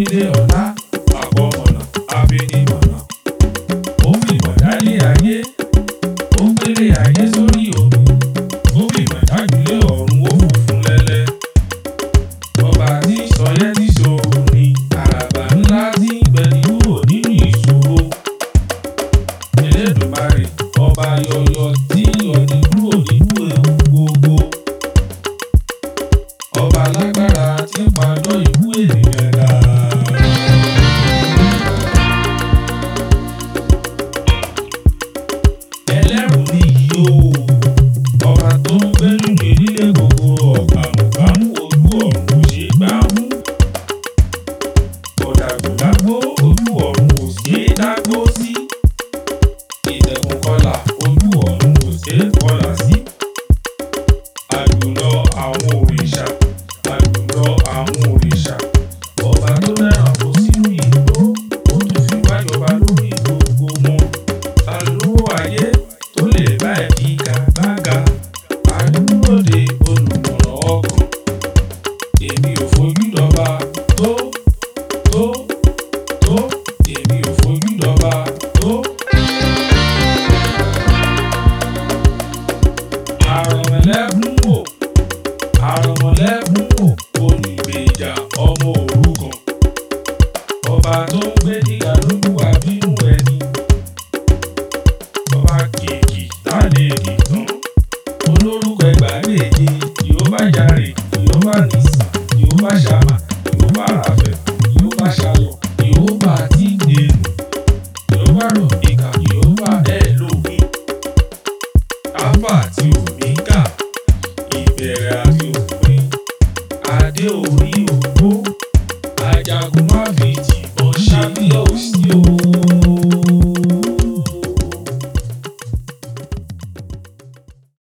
nílé ọ̀tá àpọ̀ ọ̀nà abẹnimọ̀nà. ó fi ayé ó gbélé ayé sórí omi ó fi bọ̀dájúlé ọ̀run ó fò fún lẹ́lẹ́. ọba tí sọyẹ́ tí ṣòro ni àràbà ńlá tí gbẹ̀lú wò nínú ìṣòro. Elédùmarè ọba yọyọ tí yọni kúrò nínú ewu gbogbo. ọba lágbára tí lẹ́kùnwò onígbèjà ọmọ òrukàn ọba tó ń gbé nígbà lóko àbínú ẹni ọba kejì tálẹ̀ èdè tán olórúkọ ẹgbàá èdè yóò bá yàrá yóò bá nìsí yóò bá ṣàmà yóò bá ràfẹ́ yóò bá ṣàlọ̀ yóò bá tí dèrò yóò bá rọ̀ ìkà yóò bá ẹ̀ lómi. Alfa àti Omega ìbẹ̀rẹ̀ àná. deu ruim.